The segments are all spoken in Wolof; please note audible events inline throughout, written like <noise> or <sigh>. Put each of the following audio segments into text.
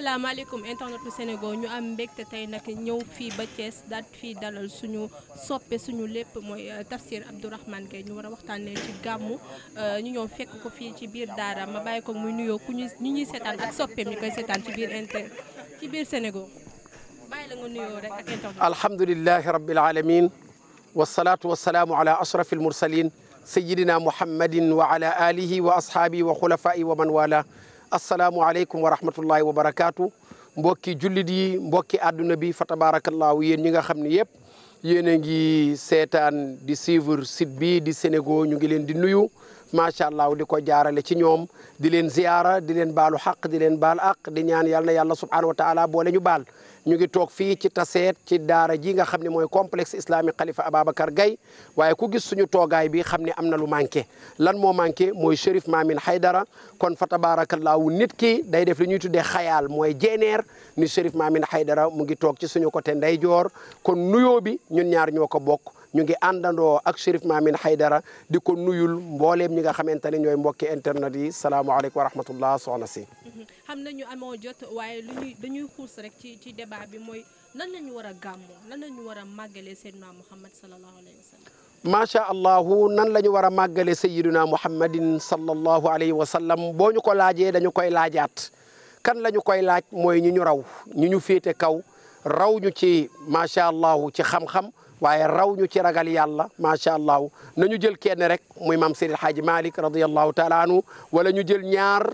asalaamaaleykum internet bu Sénégal ñu am mbégte tey nag ñëw fii ba Thiès daal fii dalal suñu soppe suñu lépp mooy euh, Tafsir Abdourahmane Gaye ñu war a waxtaanee ci gàmmu euh, ñu ñëw fekk ko fii ci biir daara ma bàyyi ko muy nuyoo ku ñu ñu ñuy seetaan ak soppeem ñu koy seetaan ci biir inter ci biir Sénégal bàyyi la nga nuyoo rek ak internet. alhamdulilahi rabbil alamin wasalaatu wasalaamu ala ashraf al mursalin sayidina muhammadin wa ala alihi wa ashaabihi wa xulafaa'i asalaamualeykum wa rahmatullahi wa barakaatu mbokki jullit yi mbokki àdduna bi fa tabaarakallaahu yéen ñi nga xam ne yëpp yéen a ngi seetaan di suivre site bi di Sénégo ñu ngi leen di nuyu macha allah di ko jaarale ci ñoom di leen ziyaara di leen baalu xaq di leen baal aq di ñaan yàlla na yàlla subhaanahu wa taala boole ñu baal ñu ngi toog fii ci taset ci daara ji nga xam ne mooy complexe islamique xalifa Ababacar gay waaye ku gis suñu toogaay bi xam ne am na lu manqué lan moo manqué mooy Chérif Mamine Haydara kon fa tabaarakallaahu nit ki day def li ñuy tuddee xayaal mooy jeeneer ni Chérif Mamine Haydara mu ngi toog ci suñu côté ndeyjoor kon nuyoo bi ñun ñaar ñoo ko bokk ñu ngi àndandoo ak Chérif Mamine Haydara di ko nuyul mbooleem ñi nga xamante ne ñooy mbokki internet yi salaamaaleykum wa rahmatullah soxna si. <laughs> xam nañu amoo jot waaye dañuy xuus rek ci ci débat bi mooy nan lañu ñu war a gàmmoo nan la ñu war a màggalee Seydina Muhammad sallallahu alayhi wa macha allah nan la ñu war a màggale sayyiduna muhammadin sallallahu alayhi wa sallam boo ñu ko laajee dañu koy laajaat kan la ñu koy laaj mooy ñu ñu raw ñu ñu féete kaw raw ñu ci macha allah ci xam-xam waaye raw ñu ci ragal yàlla macha allah nañu jël kenn rek muy maam Seydi El Hadji Malick radiyallahu taala anhu wala ñu jël ñaar.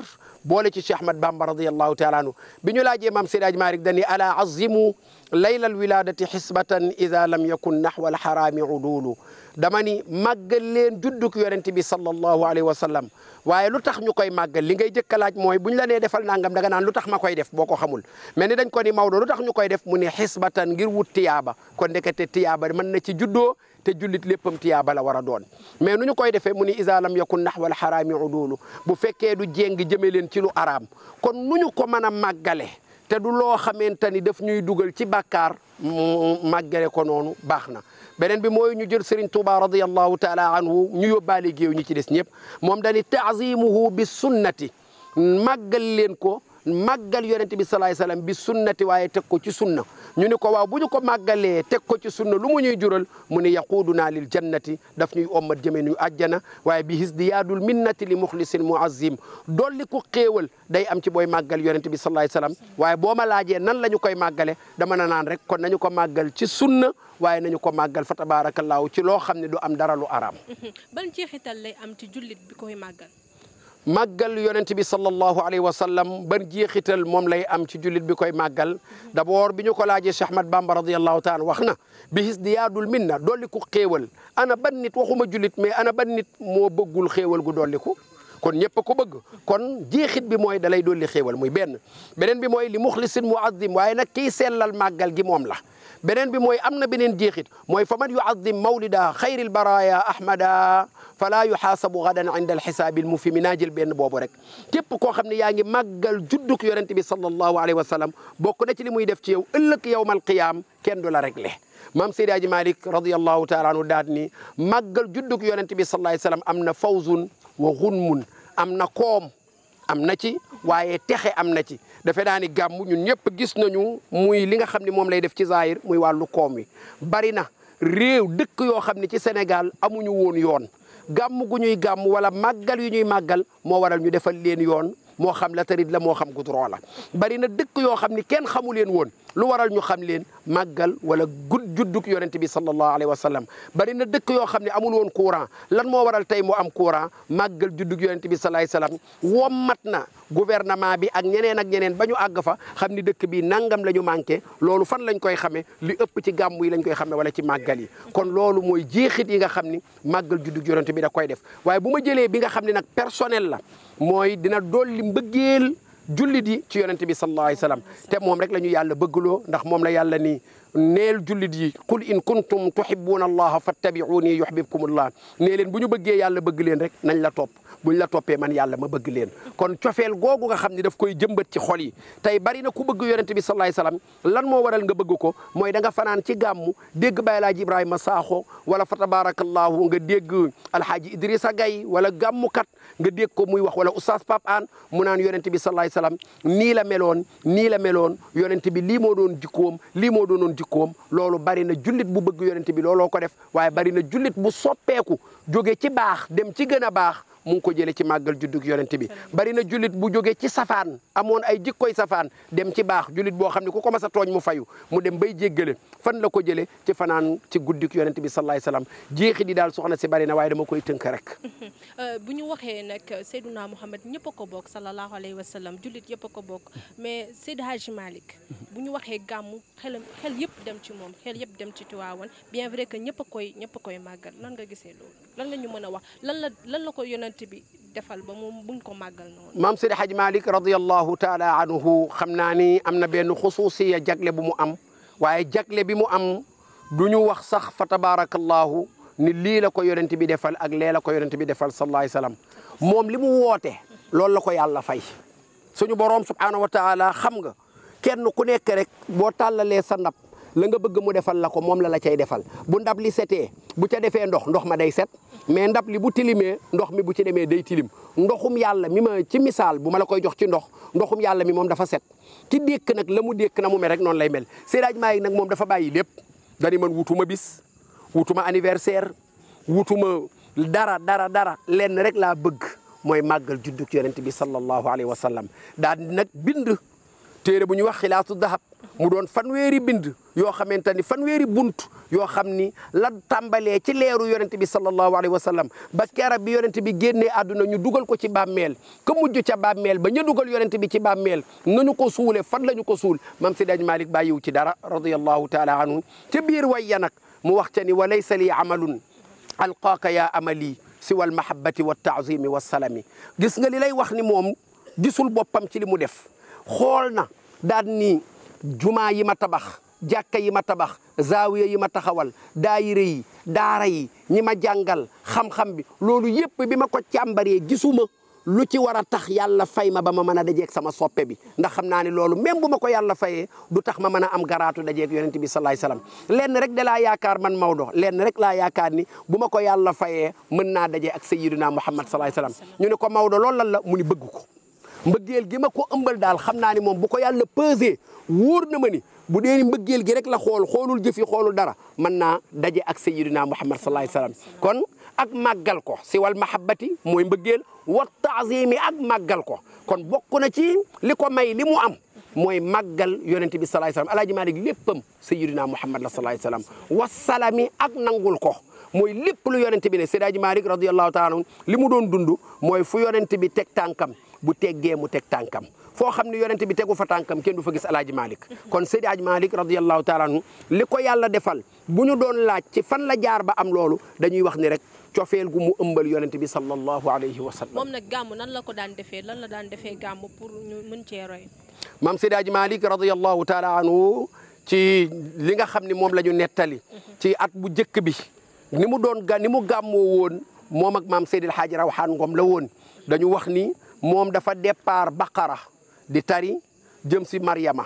boole ci Cheikh Ahmad Bamba radiyallahu taala anhu bi ñu laajee maam Seydi Aj Malik dani ala azimu layla alwiladati xisbatan ida lam yakun naxwa alxaraami udulu dama ni màggal leen judduk yonente bi sallallahu alayhi wa sallam waaye lu tax ñu koy màggal li gay jëkk a laaj bu ñu la nee defal nangam danga naan lu tax ma koy def boo ko xamul mais ni dañ ko ni Maodo lu tax ñu koy def mu ne xisbatan ngir wut tiyaaba kon ndekete tiyaaba mën na ci juddoo te jullit léppam tiyaaba bala war a doon mais nu ñu koy defee mu ni isa lam yakun naxwal xaraami udulu bu fekkee du jéng jëme leen ci lu araam kon nu ñu ko mën a màggale te du loo xamante ni daf ñuy dugal ci bàkkaar màggale ko noonu baax na beneen bi mooy ñu jël Serigne Touba radiyallahu taala anhu ñu yóbbaale géew ñu ci des ñëpp moom dañuy taazimuhu bi sunnati màggal leen ko màggal yonent bi salaay salaam bi sunnati waaye teg ko ci sunna ñu ni ko waaw bu ñu ko màggalee teg ko ci sunna lu mu ñuy jural mu ni yaquudunaa lil jannati daf ñuy ommat jëme ñu àjjana waaye bi his di yaadul minnati li muxlisin muazim dolli ku xéewal day am ci booy màggal yonent bi salaay salaam waaye boo ma laajee nan la ñu koy màggale dama na naan rek kon nañu ko màggal ci sunna waaye nañu ko màggal fa tabaarakallaahu ci loo xam ne du am dara lu araam <laughs> ban jeexital lay màggal yonent bi sallallahu alayhi wa sallam ban jeexital moom lay am ci julit bi koy màggal d'abord bi ñu ko laajee Cheikh Ahmad Bamba radiyallahu taala wax na bihis diyaadul minna dolliku xéewal ana ban nit waxuma julit mais ana ban nit moo bëggul xéewal gu dolliku kon ñëpp ko bëgg kon jeexit bi mooy dalay dolli xéewal muy benn beneen bi mooy li muxlisin muazim waaye nag kiy sellal màggal gi moom la beneen bi mooy am na beneen jeexit mooy fa man yuazim mawlida xayril baraya ahmada falaa yuxaasabu gadan inda alxisaabi almufimi naa jël benn boobu rek képp koo xam ne yaa ngi màggal judduk yonente bi sallallahu alayhi wa sallam bokk na ci li muy def ci yow ëllëg yowm alqiyaam kenn du la réglé maam Seydi Aji Malik radiallahu taala anhu daat ni màggal judduk yonente bi sallallahu alayhi wa sallam am na fawzun wa gunmun am na koom am na ci waaye texe am na ci dafe daa ni gàmm ñëpp gis nañu muy li nga xam ni moom lay def ci zaahir muy wàllu koom wi bari na réew dëkk yoo xam ne ci Sénégal amuñu woon yoon gàmm ñuy gàmm wala màggal yu ñuy màggal moo waral ñu defal leen yoon moo xam latérite la moo xam goudron la bari na dëkk yoo xam ni kenn xamu leen woon lu waral ñu xam leen màggal wala gudd juddug yonent bi sallallahu alayhi wa sallam bari na dëkk yoo xam ne amul woon courant lan moo waral tey moo am courant màggal juddug yonent bi sallallahu alayhi wa sallam wommat na gouvernement bi ak ñeneen ak ñeneen ba ñu àgg fa xam ni dëkk bi nangam la ñu manqué loolu fan lañ koy xamee li ëpp ci gàmm yi lañ koy xamee wala ci màggal yi kon loolu mooy jeexit yi nga xam ni màggal juddug yonent bi da koy def waaye bu ma jëlee bi nga xam ne nag personnel la mooy dina dolli mbëggeel jullit yi ci yonent bi sallallahu alayhi wasallam te moom rek la ñu yàlla bëggloo ndax moom la yàlla ni neel jullit yi qul in kuntum tuhibbuuna allaha fattabi'uuni yuhbibkumullah nee leen bu ñu bëggee yàlla bëgg leen rek nañ la topp buñ la toppe man yàlla ma bëgg leen kon cofeel googu nga xam ne daf koy jëmbat ci xol yi tey bari na ku bëgg yonente bi sallallahu alayhi lan moo waral nga bëgg ko mooy danga fanaan ci gàmmu dégg Baay Alaaji Ibrahima Saaxo wala fa tabarakallahu nga dégg Alhaaji Idrissa Gay wala gàmmukat nga dégg ko muy wax wala oustaz Pape An mu naan yonente bi sallallahu alayhi nii la meloon nii la meloon yonente bi lii moo doon jikkoom lii moo doonoon jikkoom loolu bari na jullit bu bëgg yonente bi looloo ko def waay bari na jullit bu soppeeku jóge ci baax dem ci gën a baax mu ko jëlee ci màggal juddug yonent bi bari na julit bu jógee ci safaan amoon ay jikkoy safaan dem ci baax julit boo xam ne ku ko mas a tooñ mu fayu mu dem bay jéggale fan la ko jëlee ci fanaan ci guddik yonent bi salaay salaam jeexi di daal soxna si bari na waaye dama koy tënk rek. <laughs> Euh, bu ñu waxee nag Seydouna Muhammad ñëpp a ko bokk sallallahu alayhi wa sallam julit yëpp a ko bokk mais Seydi Hadji Malick <laughs> bu ñu waxee gàmmu xelam xel yëpp dem ci moom xel yëpp dem ci Tiwaawan bien vrai que ñëpp a ñëpp koy màggal lan gisee loolu lan nga ñu mën a wax lan la lan la ko yonent yonent bi defal ba moom buñ ko màggal noonu. maam Seydi Hadj Malick radiyallahu taala anhu xam naa ni am na benn xusuusiya jagle bu mu am waaye jagle bi mu am du ñu wax sax fa tabaarakallahu ni lii la ko yonent bi defal ak lee la ko yonent bi defal sallallahu alayhi wa moom li mu woote loolu la ko yàlla fay suñu boroom subhaanahu wa xam nga kenn ku nekk rek boo tàllalee sa ndab la nga bëgg mu defal la ko moom la la cay defal bu ndab li setee bu ca defee ndox ndox ma day set mais ndab li bu tilimee ndox mi bu ci demee day tilim ndoxum yàlla mi ma ci misaal bu ma la koy jox ci ndox ndoxum yàlla mi moom dafa set ki dékk nag la mu dékk na mu mel rek noonu lay mel séddaaj maa yi nag moom dafa bàyyi lépp dani man wutuma bis wutuma anniversaire wutuma dara dara dara lenn rek laa bëgg mooy màggal juddug yonent bi sallallahu alayhi wa sallam daal nag bind téere bu ñuy wax xilaatu dahab mu doon fan weeri bind yoo xamante ni weeri bunt yoo xam ni la tàmbalee ci leeru yonent bi sallallahu alayhi wa sallam ba keroog bi yonent bi génnee àdduna ñu dugal ko ci bàmmeel ka mujj ca bàmmeel ba ña dugal yonent bi ci bàmmeel nañu ko suulee fan la ñu ko suul mam si dañ Malick bàyyiwu ci dara radiyallahu taala anhu ca biir way ya nag mu wax ca ni wa laysa li amal alqaaka yaa amali siwal mahabbati wa taazimi wa salami gis nga li lay wax ni moom gisul boppam ci li mu def xool na jumaa yi ma tabax jàkka yi ma tabax zaawiya yi ma taxawal daayira yi daara yi ñi ma jàngal xam-xam bi loolu yépp bi ma ko càmbaree gisuma lu ci war a tax yàlla fay ma ba ma mën a dajeeg sama soppe bi ndax xam naa ne loolu même bu ma ko yàlla faye du tax ma mën a am garaatu dajeeg yonent bi salaay salaam lenn rek da laa yaakaar man Maodo lenn rek laa yaakaar ni bu ma ko yàlla faye mën naa dajee ak sayyiduna Muhammad salaay salaam ñu ne ko Maodo loolu lan la mu ni ko mbëggeel gi ma ko ëmbal daal xam naa ni moom bu ko yàlla pesé wóor na ma ni bu dee ni gi rek la xool xoolul jëf yi xoolul dara mën naa daje ak sayyidina Muhammad sallallahu alayhi wasallam kon ak màggal ko si wal mahabbati mooy mbëggeel wa taazimi ak màggal ko kon bokk na ci li ko may li mu am mooy màggal yonent bi sallallahu alayhi wasallam alaaji Maalik léppam sayyidina Muhammad la sallallahu alayhi wasallam wasalami ak nangul ko mooy lépp lu yonent bi ne Seydi Alaaji Maalik radiyallahu taala anhu li mu doon dund mooy fu yonent bi teg tànkam bu teggee mu teg tànkam foo xam ne yonent bi tegu fa tànkam kenn du fa gis alaaji malik kon seydi aj malik radiallahu taala anhu li ko yàlla defal bu ñu doon laaj ci fan la jaar ba am loolu dañuy wax ni rek cofeel gu mu ëmbal yonent bi sallallahu alayhi wa sallam moom nag gàmm nan la ko daan defee lan la daan defee gàmm pour ñu mën cee roy maam seydi aj malik radiallahu taala anhu ci li nga xam ne moom la ñu nettali ci at bu njëkk bi ni mu doon ga ni mu gàmmoo woon moom ak maam Seydil Hadji Rawaan Ngom la woon dañu wax ni moom dafa départ baqara di tari jëm si Mariama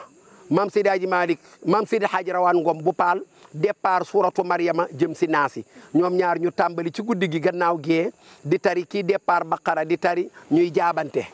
maam Seydi Hadji Malick maam Seydi Hadji Rawane Ngom bu paal départ suuratu Mariama jëm si naasi ñoom ñaar ñu tàmbali ci guddi gi gannaaw gee di tari kii départ baqara di tari ñuy jaabante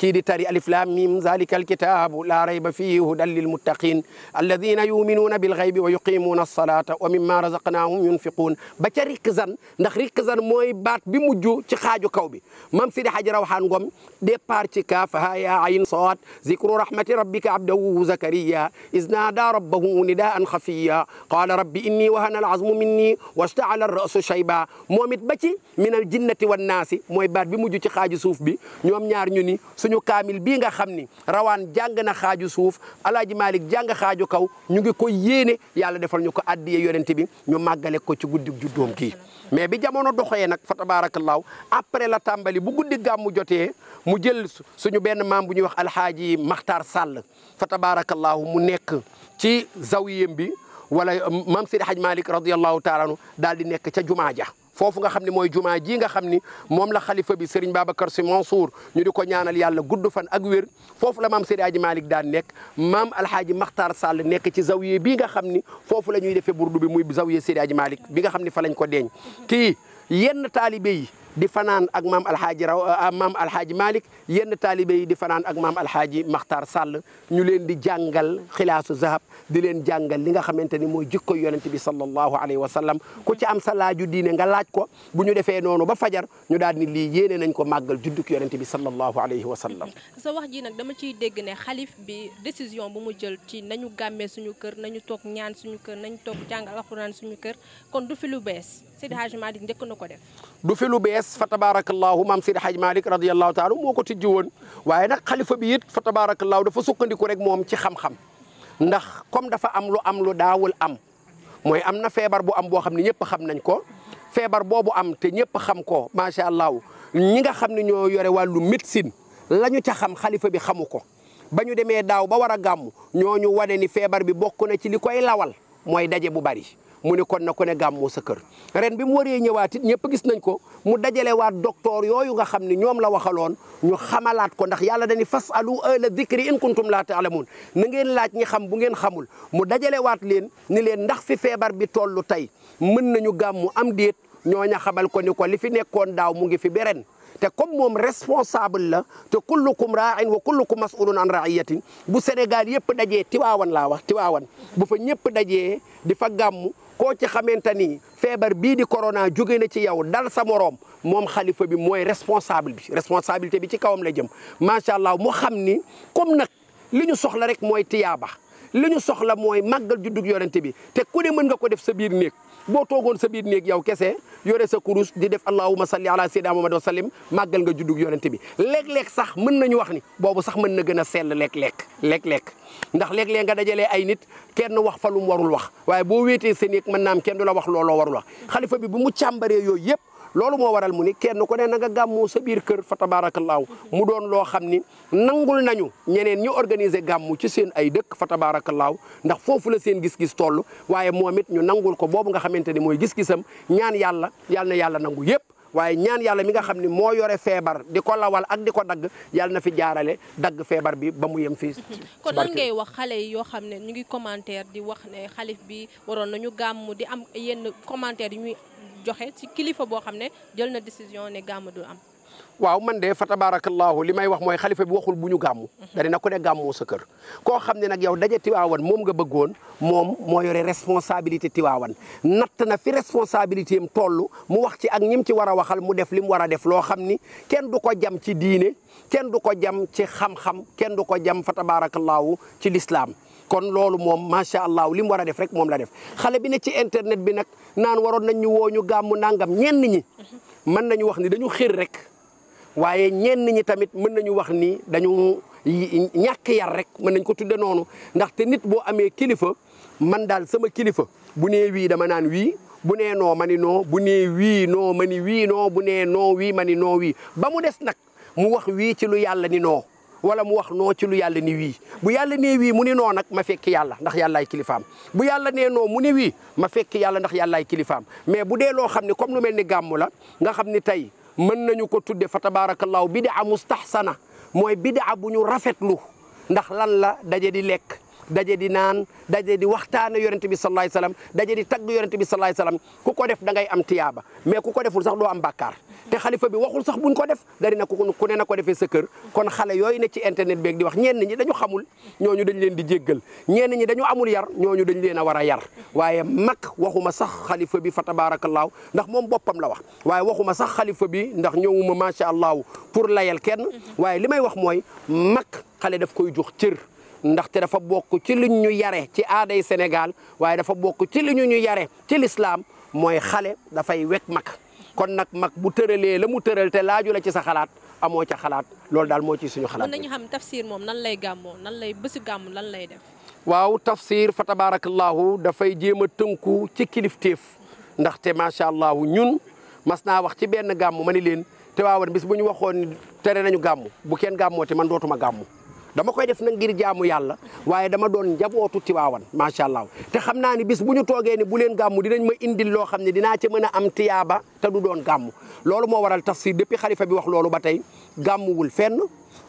kii di tari alif laam miim zalika alkitaabu laa rayba fiihi hudan lilmuttaqiin alladina yuminuuna bilxaybi wa yuqimuuna alsalata wa mimma razaqnaahum yunfiquun ba ca rikzan ndax rikzan mooy baat bi mujj ci xaaju kaw bi mam sidi xaji rawxaan ngom départ ci kaaf haa yaa ayn saad zikru rahmati rabbika abdahu zakariya iz naada rabbahu nidaan xafiya qaala rabbi inni wahana alazmu minni wastaala alrasu shayba moom it ba ci min aljinnati wannaasi mooy baat bi mujj ci xaaju suuf bi ñoom ñaar ñu ni ñu kaamil bii nga xam ni rawaan jàng na xaaju suuf alaaji malik jàng xaaju kaw ñu ngi ko yéene yàlla defal ñu ko addiye yonente bi ñu màggale ko ci guddi juddoom kii mais bi jamono doxee nag fa tabaarakallaahu après la tàmbali bu guddi gàmmu jotee mu jël su suñu benn maam bu ñuy wax alxaaji maxtaar sàll fa tabaarakallaahu mu nekk ci zawiyem bi wala maam Seydi Haj Malik radiyallahu taala anhu daal di nekk ca jumaa ja foofu nga xam ne mooy jumaa ji nga xam ni moom la xalifa bi Serigne Babacar Sy Mansour ñu di ko ñaanal yàlla gudd fan ak wér foofu la maam Seydi Hadji Malick daan nekk maam Alhaaji Makhtar Sall nekk ci zawiye bii nga xam ni foofu la ñuy defee burdu bi muy zawiye Seydi Hadji Malick bi nga xam ni falañ ko deeñ kii yenn taalibe yi di fanaan ak maam alxaaji raw euh, maam alxaaji Malick yenn taalibe yi di fanaan ak maam alxaaji Makhtar sàll ñu leen di jàngal xilaasu zahab di leen jàngal li nga xamante ni mooy jikko yonent bi sallallahu alayhi wa sallam ku ci am sa laaju diine nga laaj ko bu ñu defee noonu ba fajar ñu daal ni lii yéene nañ ko màggal judduk yonent bi sallallahu alayhi wa sallam sa wax ji nag dama ciy dégg ne xalif bi décision bu mu jël ci nañu gàmmee suñu kër nañu toog ñaan suñu kër nañu toog jàngal alxuraan suñu kër kon du fi lu bees Seydi Hadji Malick njëkk ko def du fi lu bees fa tabaarakallaahu maam Seydi Hadji Malick radiyallaahu taala moo ko tijji woon waaye nag kalifa bi it fa tabaarakallaahu dafa sukkandiku rek moom ci xam-xam ndax comme dafa am lu am lu daawul am mooy am na feebar bu am boo xam ne ñëpp xam nañ ko feebar boobu am te ñëpp xam ko macha allah ñi nga xam ne ñoo yore wàllu médecine la ñu ca xam xalifa bi xamu ko ba ñu demee daaw ba war a gàmm ñooñu wane ni feebar bi bokk na ci li koy lawal mooy daje bu bari mu ni kon na ku ne gàmmoo sa kër ren bi mu waree ñëwaat it ñëpp gis nañ ko mu dajalewaat docteur yooyu nga xam ne ñoom la waxaloon ñu xamalaat ko ndax yàlla dañuy fas alu ahla dikri in kuntum laa taalamuun na ngeen laaj ñi xam bu ngeen xamul mu dajalewaat leen ni leen ndax fi feebar bi tollu tey mën na ñu gàmmu am déet ñooña xamal ko ni ko li fi nekkoon daaw mu ngi fi beren te comme moom responsable la te kullukum raain wa kullukum masulun an raiyatin bu Sénégal yëpp dajee Tiwaawan laa wax Tiwaawan bu fa ñëpp dajee di fa koo ci xamante ni feebar bii di corona jóge na ci yow dal sa moroom moom xalifa bi mooy responsable bi responsabilité bi ci kawam la jëm macha allah mu xam ni comme nag li ñu soxla rek mooy tiyaaba li ñu soxla mooy màggal juddug yonente bi te ku ne mën nga ko def sa biir néeg boo toogoon sa biir néeg yow kese yore sa kurus di def allahuma salli ala sayyidina muhammad wa sallim màggal nga juddug yonent bi léeg-léeg sax mën nañu wax ni boobu sax mën na gën a sell léeg lekk léeg-léeg ndax léeg-léeg nga dajalee ay nit kenn wax fa lu warul wax waaye boo wéetee sa néeg mën naam kenn du la wax looloo warul wax xalifa bi bu mu càmbaree yooyu yëpp loolu moo waral mu ni kenn ko ne na nga gàmmoo sa biir kër fa tabaarakallaahu mu doon loo xam ni nangul nañu ñeneen ñu organiser gàmmu ci seen ay dëkk fa tabaarakallaahu ndax foofu la seen gis-gis toll waaye moom it ñu nangul ko boobu nga xamante ni mooy gis-gisam ñaan yàlla yàlla na yàlla nangu yëpp waaye ñaan yàlla mi nga xam ne moo yore feebar di ko lawal ak di ko dagg yàlla na fi jaarale dagg feebar bi ba mu yem fii. kon nan wax xale yi yoo xam ne ñu ngi commentaire di wax ne xalif bi waroon nañu gàmm di am yenn commentaire yu joxe ci kilifa boo xam ne jël na décision ne gàmm du am. waaw man de fa tabaarakallaahu li may wax mooy xalifa bi waxul bu ñu gàmmu. Mhm. da na ko ne gàmmoo sa kër. koo xam ne nag yow daje Tiwaawan moom nga bëggoon moom moo yore responsabilité Tiwaawan natt na fi responsabilité am toll mu wax ci ak ñim ci war a waxal mu def li mu war a def loo xam ni kenn du ko jam ci diine kenn du ko jam ci xam-xam kenn du ko jam fa tabaarakallaahu ci lislaam kon loolu moom macha allah li mu war a def rek moom la def xale bi ne ci internet bi nag naan waroon nañ ñu woo ñu gàmmu nangam ñenn ñi mën nañu wax ni dañu xir rek waaye ñenn ñi tamit mën nañu wax ni dañu ñàkk yar rek mën nañ ko tudde noonu ndaxte nit boo amee kilifa man daal sama kilifa bu nee wii dama naan wii bu ne noo mani noo bu nee wii noo ma ni wii noo bu nee noo wii ma ni noo wii ba mu des nag mu wax wii ci lu yàlla ni noo wala mu wax noo ci lu yàlla ni wii bu yàlla nee wii mu ni noo nag ma fekk yàlla ndax yàllaay kilifaam bu yàlla nee noo mu ni wii ma fekk yàlla ndax yàllaay kilifaam mais bu dee loo xam ne comme lu mel ni gàmmu la nga xam ni tey mën nañu ko tudde fa tabaarakallaahu bidaa mustahsana mooy bidaa bu ñu rafetlu ndax lan la daje di lekk daje di naan daje di waxtaane yonente bi sallallahu alayhi wasallam daje di tagg yonente bi sallallahu alayhi wasallam ku ko def da ngay am tiyaaba mais ku ko deful sax doo am bàkkaar te xalifa bi waxul sax buñ ko def dari na ku ne na ko defee sa kër kon xale yooyu ne ci internet beeg di wax ñenn ñi dañu xamul ñooñu dañ leen di jéggal ñenn ñi dañu amul yar ñooñu dañ leen a war a yar waaye mag waxuma sax xalifa bi fa tabaarakallaahu ndax moom boppam la wax waaye waxuma sax xalifa bi ndax ñëwuma macha allah pour layal kenn waaye li may wax mooy mag xale daf koy jox cër ndaxte dafa bokk ci li ñu yare ci aaday Sénégal waaye dafa bokk ci li ñu ñu yare lislaam mooy xale dafay wekk mag kon nag mag bu tëralee la mu tëral te laaju la ci sa xalaat amoo ca xalaat loolu daal moo ci suñu xalaat. mën nañu xam moom nan lay gàmmoo nan lay bésu gàmm lan lay de waaw tafsir fa tabaarakallaahu dafay jéem a tënku ci kilifteef ndaxte macha allah ñun mas naa wax ci benn gàmm ma ni leen te waaw bis bu ñu waxoon tere nañu gàmm bu kenn gàmmoo te man dootuma gàmm. dama koy def nag ngir jaamu yàlla waaye dama doon njabootu Tiwaawan macha allah te xam naa ni bis bu ñu toogee ni bu leen gàmmu dinañ ma indil loo xam ne dina ca mën a am tiyaaba te du doon gàmmu loolu moo waral tafsir depuis xalifa bi wax loolu ba tey gàmmuwul fenn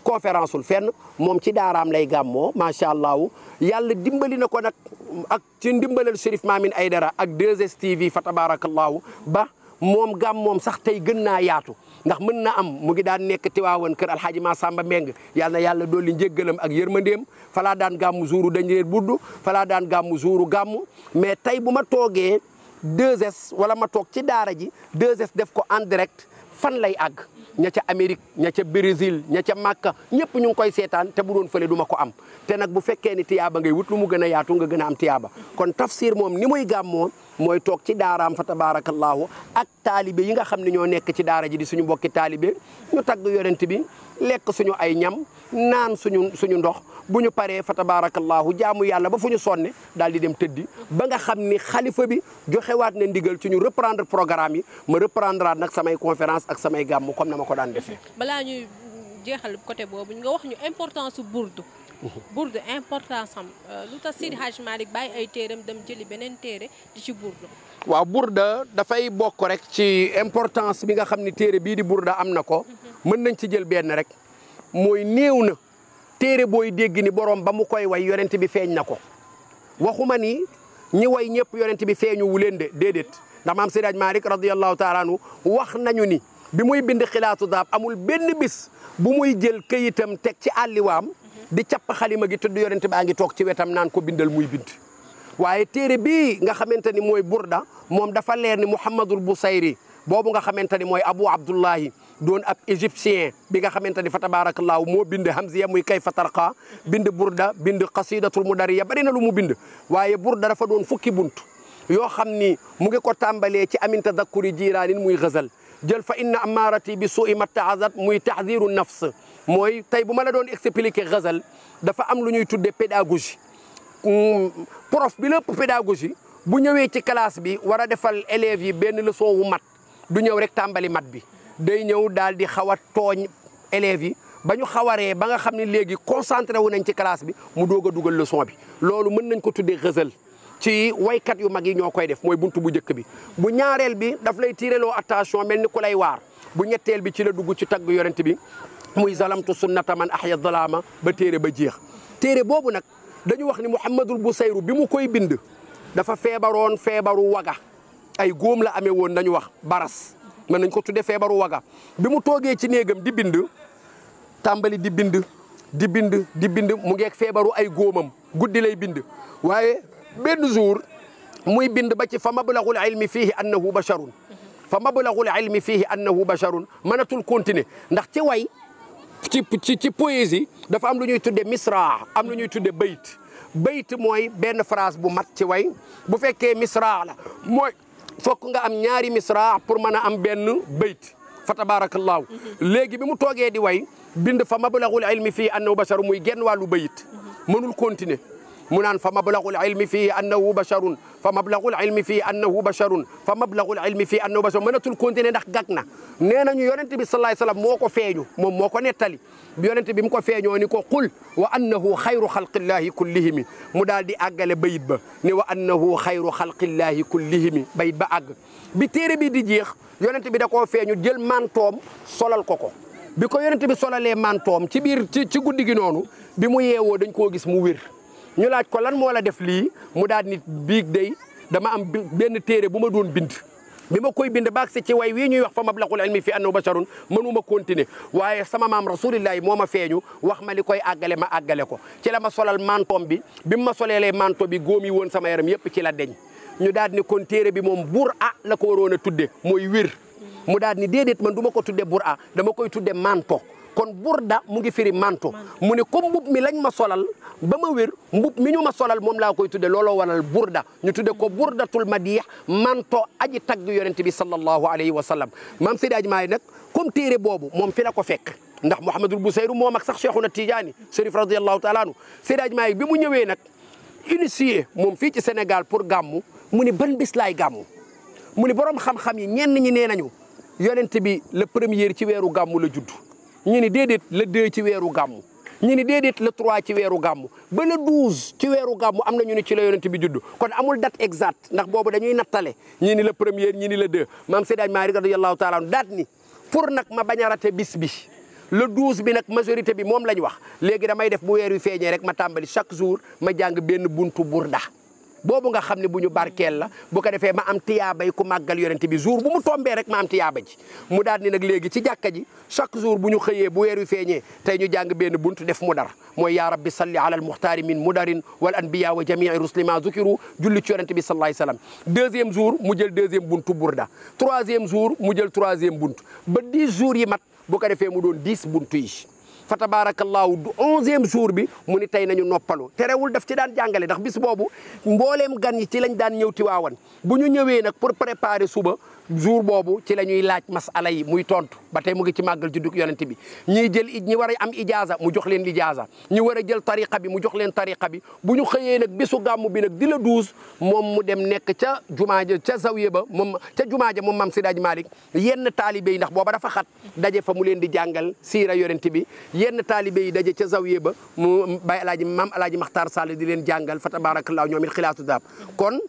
conférence wul fenn moom ci daaraam lay gàmmoo macha allah yàlla dimbali na ko nag ak ci ndimbalal Chérif ay dara ak 2STV fa tabarakallahu ba moom gàmmoom sax tey gën naa yaatu ndax mën na am mu ngi daan nekk tiwaawoon kër alxaaji samba Mbeng yàlla na yàlla dolli njéggalam ak yërmandeem falaa daan gàmmu zuuru dañ leen budd falaa daan gàmmu zuuru gàmmu mais tey bu ma toogee 2S wala ma toog ci daara ji 2S def ko en direct fan lay àgg ña ca Amérique ña ca Brésil ña ca Màkka ñëpp ñu ngi koy seetaan te bu doon fële du ma ko am te nag bu fekkee ni tiyaaba ngay wut lu mu gën a yaatu nga gën a am tiyaaba kon tafsir moom ni muy gàmmoon mooy toog ci daara daaraam fa tabaarakallaahu ak taalibe yi nga xam ne ñoo nekk ci daara ji di suñu mbokki taalibe ñu tagg yonent bi lekk suñu ay ñam naan suñu suñu ndox bu ñu paree fa tabaarakallaahu jaamu yàlla ba fu ñu sonne daal di dem tëddi ba nga xam ni xalifa bi joxewaat na ndigal ci ñu reprendre programme yi ma reprendre nag samay conférence ak samay gàmmu comme na ma ko daan defee. balaa ñu jeexal côté boobu nga wax ñu importance su burdu. Mhm. burdu importance am euh, lu tax Sidi Hadj Malick bàyyi ay téereem dem jëli beneen téere di ci burdu. waaw burda dafay bokk rek ci importance bi nga xam ni téere bii di burda am na ko. Mhm. mën nañ ci jël benn rek mooy néew na téere booy dégg ni borom ba mu koy way yonent bi feeñ na ko waxuma ni ñi way ñëpp yonent bi feeñu wu leen de déedéet ndax maam Seydi Aj Maalik radiyallahu taala anhu wax nañu ni bi muy bind xilaatu daab amul benn bis bu muy jël këyitam teg ci àlliwaam di capp xalima gi tudd yonent baa ngi toog ci wetam naan ko bindal muy bind waaye téere bi nga xamante ni mooy burda moom dafa leer ni Muhammadul Busayri boobu nga xamante ni mooy Abu Abdullahi doon ab égyptien bi nga xamante ni fa tabaarakallaahu moo bind hamziya muy kay fatarqa bind burda bind qasidatul mudariya bari na lu mu bind waaye burda dafa doon fukki bunt yoo xam ni mu ngi ko tàmbalee ci amin tadakkuri jiiraanin muy xësal jël fa inna amaarati bi suui mattaazat muy tahdiru nafs mooy tey bu ma la doon expliquer xësal dafa am lu ñuy tuddee pédagogie mm, prof bi lépp pédagogie bu ñëwee ci classe bi war a defal élèves yi benn leçon wu mat du ñëw rek tàmbali mat bi day ñëw daal di xaw a tooñ élèves yi ba ñu xawaree ba nga xam ne léegi concentré wu nañ ci classe bi mu doog a dugal leçon bi loolu mën nañ ko tuddee xësal ci waykat yu mag yi ñoo koy def mooy bunt bu njëkk bi bu ñaareel bi daf lay tiireloo attention mel ni ku lay waar bu ñetteel bi ci la dugg ci tagg yorent bi muy zalamtu sunnata man ahya zalaama ba téere ba jeex téere boobu nag dañu wax ni Muhammadul Busayru bi mu koy bind dafa feebaroon feebaru waga ay góom la amee woon nañu wax baras mën nañ ko tuddee feebaru waga bi mu toogee ci néegam di bind tàmbali di bind di bind di bind mu ngeeg feebaru ay góomam guddi lay bind waaye benn jour muy bind ba ci fa mablaghul ilmi fiihi annahu basharun fa mablaghul ilmi fiihi annahu basharun mënatul continuer ndax ci way ci ci ci poésie dafa am lu ñuy tudde misra am lu ñuy tudde bayt bayt mooy benn phrase bu mat ci way bu fekkee misra la mooy fokk nga am ñaari misra pour mën a am benn bayt fa tabaarakallaahu léegi bi mu toogee di way bind fa mablagul ilmi fii annahu basharu muy genn wàllu bayit mënul continuer mu naan fa mablagul ilmi fii annahu basharun fa mablagul ilmi fii annahu basharun fa mablagul ilmi fii annahu basharun mënatul continuer ndax gag na nee nañu yonent bi sallallahu alayhi moo ko feeñu moom moo ko nettali yonent bi mu ko feeñoo ni ko qul wa annahu xayru xalqillahi kullihimi mu daal di àggale bayit ba ni wa annahu xayru xalqillahi kullihimi bayit ba àgg bi téere bi di jeex yonent bi da koo feeñu jël mantoom solal ko ko bi ko yonent bi solalee mantoom ci biir ci ci guddi gi noonu bi mu yeewoo dañ koo gis mu wér ñu laaj ko lan moo la def lii mu daal nit biig day dama am benn téere bu ma doon bind bi ma koy bind baak si ci way wii ñuy wax fa mablaqul ilmi fi annahu basharun mënuma continuer waaye sama maam rasulillahi moo ma feeñu wax ma ni koy àggale ma àggale ko ci la ma solal mantom bi bi ma soleelee manto bi góom yi woon sama yaram yépp ci la deñ ñu daal ni kon téere bi moom bur a la ko waroon a tudde mooy wir mu daal ni déedéet man du ma ko tudde bur a dama koy tudde manto kon burda mu ngi firi manto mu ne comme mbub mi lañ ma solal ba ma wér mbub mi ñu ma solal moom laa koy tudde wala waral burda ñu tudde ko burdatul madih manto aji tagg yonent bi sallallahu alayhi wa sallam maam Seydi Aji Maalik nag comme téere boobu moom fi la ko fekk ndax Mouhamadul Bousayru moom ak sax Cheikhuna Tidiane Chérif radiyallahu taala anhu Seydi Aji Maalik bi mu ñëwee nag initié moom fii ci Sénégal pour gàmmu mu ne ban bis laay gàmmu mu ne borom xam-xam yi ñenn ñi nee nañu yonent bi le premier ci weeru gàmmu la judd ñu ni déedéet le deux ci weeru gàmmu ñu ni déedéet le trois ci weeru gàmmu ba le douze ci weeru gàmmu am na ñu ni ci la yonent bi juddu kon amul date exacte ndax boobu dañuy nattale ñi ni le premier ñi ni le deux maam Seydi Hadji Malick radiyallahu taala anu date ni pour nag ma bañ raté bis bi le 12 bi nag majorité bi moom lañ wax léegi damay def bu weer wi feeñee rek ma tàmbali chaque jour ma jàng benn buntu burda boobu nga xam ne bu ñu barkeel la bu ko defee ma am tiyaabay ku màggal yonent bi jour bu mu tombee rek ma am tiyaaba ji mu daal ni nag léegi ci jàkka ji chaque jour bu ñu xëyee bu weer wi feeñee tey ñu jàng benn bunt def mu dar mooy yaa rabbi salli ala al muxtaari min mudarin wal anbiya wa jamii rusli ma zukiru julli ci yonent bi sallallahu alayhi wasallam deuxième jour mu jël deuxième buntu burda troisième jour mu jël troisième buntu ba dix jours yi mat bu ko defee mu doon dix buntu yi fa tabaarakallaahu du onzième jour bi mu ni tey ñu noppalu terewul daf ci daan jàngale ndax bis boobu mbooleem gan yi ci lañ daan ñëw waawan bu ñu ñëwee nag pour préparer suba jour boobu ci la ñuy laaj masala yi muy tontu ba tey mu ngi ci màggal juddug yonent bi ñiy jël ñi war a am ijaaza mu jox leen di ijaaza ñi war a jël tariqa bi mu jox leen tariqa bi bu ñu xëyee nag bisu gàmm bi nag di la douze moom mu dem nekk ca jumaa ja ca zawiya ba moom ca jumaa ja moom maam Sidaaj Malik yenn taalibe yi ndax booba dafa xat daje fa mu leen di jàngal siira yonent bi yenn taalibe yi daje ca zawiya ba mu bay alaaji maam alaaji Maxtaar Sall di leen jàngal fa tabaarakallaahu ñoom it xilaasu daab kon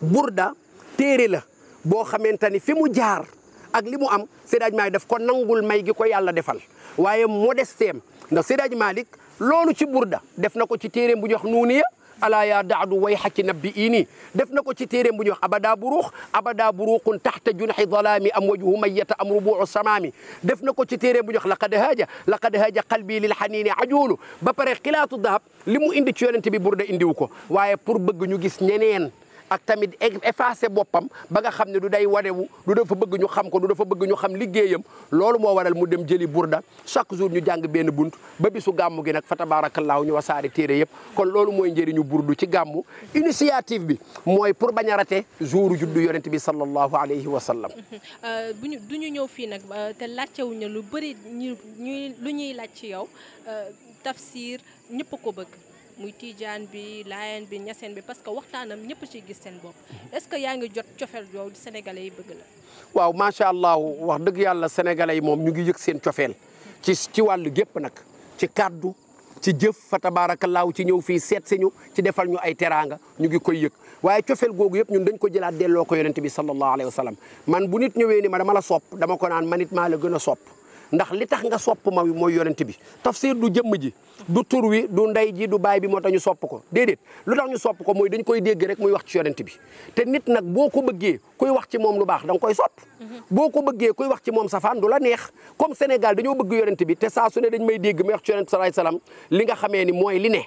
burda téere la boo xamante ni fi mu jaar ak li mu am Seydi Hadji def ko nangul may gi ko yàlla defal waaye modesteem ndax Seydi Hadji Malick loolu ci burda def na ko ci téeréem bu ñu wax nuuniya alaa yaa daadu way ci nabbi ii nii def na ko ci téeréem bu ñuy wax abada buruux abada buruuqun taxta junxi dalaami am wajhu mayyata am rubuucu samaami def na ko ci téeréem bu ñuy wax laqad haaja laqad haaja qalbi lil xaniini ajuulu ba pare xilaatu dahab li mu indi ci yonente bi burda indiwu ko waaye pour bëgg ñu gis ñeneen ak tamit e- effacé boppam ba nga xam ne du day wanewu du dafa bëgg ñu xam ko du dafa bëgg ñu xam liggéeyam loolu moo waral mu dem jëli burda chaque jour ñu jàng benn bunt ba bisu gàmmu gi nag fa tabaarakallaahu ñu wasaare téere yëpp kon loolu mooy njëriñu burdu ci gàmmu initiative bi mooy pour bañ a rate jour juddu yonent bi sallallahu alayhi wa sallam <laughs> euh, bu ñu du ñu ñëw fii nag euh, te laajtewuñu lu bëri ñu ñuy lu ñuy laaj ci yow euh, tafsir ñëpp ko bëgg muy tiijaan bi layan bi ñaseen bi parce que waxtaanam ñëpp ciy gis seen bopp est-ce que yaa ngi jot cofeel yooyu sénégalais yi bëgg la waaw macha allah wax dëgg yàlla sénégalais yi moom ñu ngi yëg seen cofeel ci ci wàllu gépp nag ci kàddu ci jëf fa laaw ci ñëw fii seet si ñu ci defal ñu ay teraanga ñu ngi koy yëg waaye cofeel googu yëpp ñun dañ ko jëlaat delloo ko yonente bi sallallahu alayhi wa man bu nit ñëwee ni ma dama la sopp dama ko naan man it la gën a sopp ndax li tax nga sopp ma wi mooy yonent bi tafsir du jëmm ji du tur wi du ndey ji du baay bi moo tax ñu sopp ko déedéet lu tax ñu sopp ko mooy dañ koy dégg rek muy wax ci yonent bi te nag boo ko bëggee kuy wax ci moom lu baax da nga koy sopp boo ko bëggee kuy wax ci moom safaan du la neex comme Sénégal dañoo bëgg yonent bi te saa su ne dañ may dégg may wax ci yonent bi salaam li nga xamee ni mooy li ne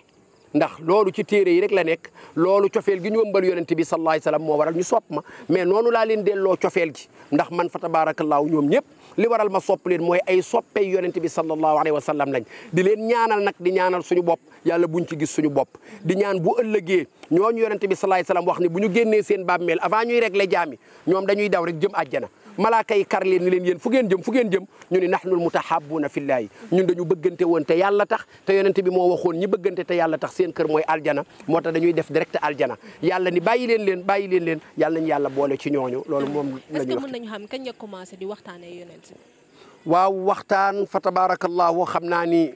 ndax loolu ci téere yi rek la nekk loolu cofeel gi ñu bal yonent bi sallallahu alayhi moo waral ñu sopp ma mais noonu laa leen delloo cofeel ji ndax man fa tabaarakallaahu ñoom ñëpp li waral ma sopp leen mooy ay soppe yonent bi sallallahu alayhi wasallam lañ di leen ñaanal nag di ñaanal suñu bopp yàlla ñu ci gis suñu bopp di ñaan bu ëllëgee ñooñu yonent bi sallallahu alayhi wasallam wax ni bu ñu génnee seen bàmmeel avant ñuy régler jaami ñoom dañuy daw rek jëm àjjana malaaka kar leen ni leen yéen fu ngeen jëm fu ngeen jëm ñu ni nahnul mutahabbuuna fillaahi ñun dañu bëggante woon te yàlla tax te yonente bi moo waxoon ñi bëggante te yàlla tax seen kër moy aljana moo tax dañuy def direct aljana yàlla ni bàyyi leen leen bàyyi leen leen yàlla nañu boole ci ñooñu loolu moom la ñu wax est-ce que mën nañu xam kañ nga commencé di waxtaanee yonente bi waaw waxtaan fa tabarakallahu xam naa ni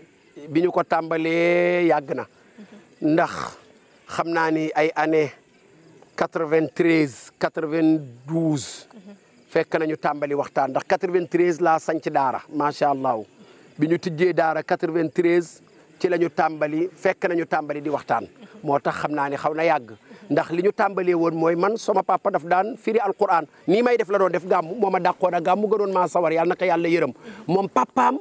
bi ñu ko tàmbalee yàgg na ndax xam naa ni ay année 93 92 fekk nañu tàmbali waxtaan ndax 93 la sanc daara macha allah bi ñu tijjee daara 93 ci la ñu tàmbali fekk nañu tàmbali di waxtaan moo tax xam naa ne xaw na yàgg ndax li ñu tàmbalee woon mooy man sama papa daf daan firi alquran nii may def la doon def gàmmu moo ma dàqoon ak gàmmu gënoon maa sawar yàlla na ko yàlla yërëm moom papaam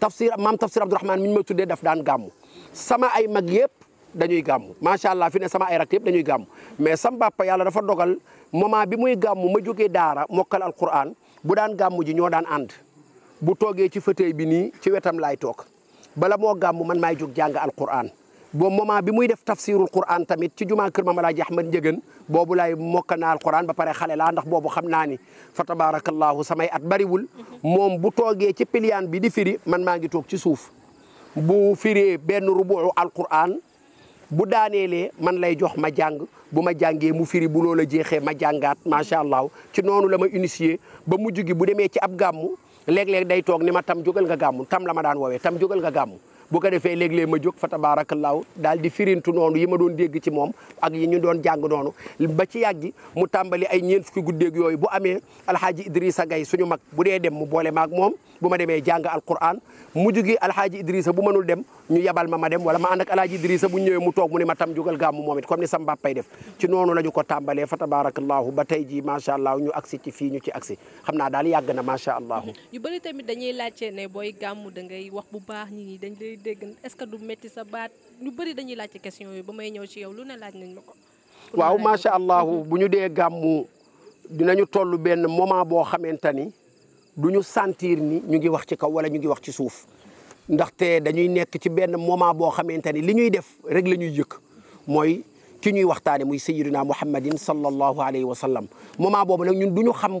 tafsir maam tafsir Abdourahman mi ñu ma tuddee daf daan gàmmu sama ay mag yëpp dañuy gàmm macha allah fi ne sama ay rakk dañuy gàmm mais sam papa yàlla dafa dogal moment bi muy gàmm ma jógee daara mokkal alquran bu daan gàmm ji ñoo daan ànd bu toogee ci fauteuil bi nii ci wetam laay toog bala moo gàmm man maay jóg jàng alquran boo moment bi muy def tafsirul quran tamit ci jumaa kër Maam Alaaji Ahmad Njëgën boobu laay mokk naa alquran ba pare xale laa ndax boobu xam naa ni fa tabarakallahu samay at bariwul moom bu toogee ci piliyaan bi di firi man maa ngi toog ci suuf bu firee benn rubu alquran bu daaneelee man lay jox ma jàng bu ma jàngee mu firi bu loola jeexee ma jàngaat macha allah ci noonu la ma initié ba mujj gi bu demee ci ab gàmmu léeg-léeg day toog ni ma tam jógal nga gàmmu tam la ma daan woowee tam jógal nga gàmmu bu ko defee léeg-léeg ma jóg fa tabaarakallaahu daal di firintu noonu yi ma doon dégg ci moom ak yi ñu doon jàng noonu ba ci yàgg mu tàmbali ay ñeent fukki guddeeg yooyu bu amee alhaaji Idrissa Gay suñu mag bu dee dem mu boole maag moom bu ma demee jàng alquran mujj gi alhaaji idrissa bu mënul dem ñu yabal ma ma dem wala ma ànd ak alhaaji idrissa bu ñëwee mu toog mu ne ma tam jugal gàmmu moom it comme ni sam bàppay def ci noonu la ñu ko tàmbalee fa tabarakallahu ba tey ji macha allah ñu agsi ci fii ñu ci agsi xam naa daal yàgg na macha allah mhm. ñu bëri tamit dañuy laajte ne booy gàmmu da ngay wax bu baax ñi dañ lay dégg est-ce que du métti sa baat ñu bëri dañuy laajte question yooyu ba may ñëw ci yow lu ne laaj nañ ma ko waaw macha allah mhm. bu ñu dee gàmmu dinañu toll benn moment boo xamante ni du ñu sentir ni ñu ngi wax ci kaw wala ñu ngi wax ci suuf ndaxte dañuy nekk ci benn moment boo xamante ni li ñuy def rek la ñuy yëkk mooy ki ñuy waxtaane muy sayyidina muhammadin sallallahu alayhi wa sallam moment boobu nag ñun du ñu xam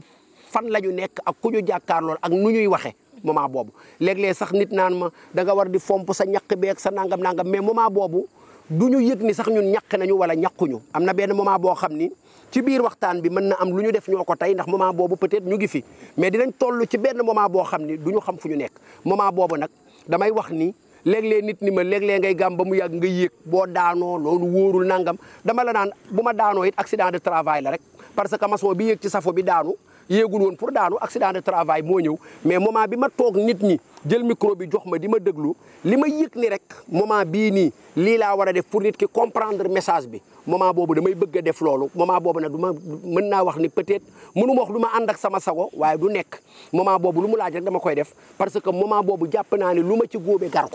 fan la ñu nekk ak ku ñu jàkkaarlool ak nu ñuy waxee moment boobu léeg-léeg sax nit naan ma da nga war di fomp sa ñaq beeg sa nangam nangam mais moment boobu du ñu yëg ni sax ñun ñaq nañu wala ñaquñu am na benn moment boo xam ni ci biir waxtaan bi mën na am lu ñu def ñoo ko tey ndax moment boobu peut-être ñu ngi fi mais dinañ toll ci benn moment boo xam ni du ñu xam fu ñu nekk moment boobu nag damay wax ni léeg-léeg nit ni ma léeg-léeg ngay gàm ba mu yàgg nga yéeg boo daanoo loolu wóorul nangam dama la naan bu ma daanoo it accident de travail la rek parce que maçon bi yëg ci safo bi daanu yéegul woon pour daanu accident de travail moo ñëw mais moment bi ma toog nit ñi jël micro bi jox ma di ma déglu li ma yëg ni rek moment bii nii lii laa war a def pour nit ki comprendre message bi moment boobu damay bëgg def loolu moment boobu nag du mën naa wax ni peut-être mënu ma wax du ma ànd ak sama sago waaye du nekk moment boobu lu mu laaj rek dama koy def parce que moment boobu jàpp naa ne lu ma ci góobe gar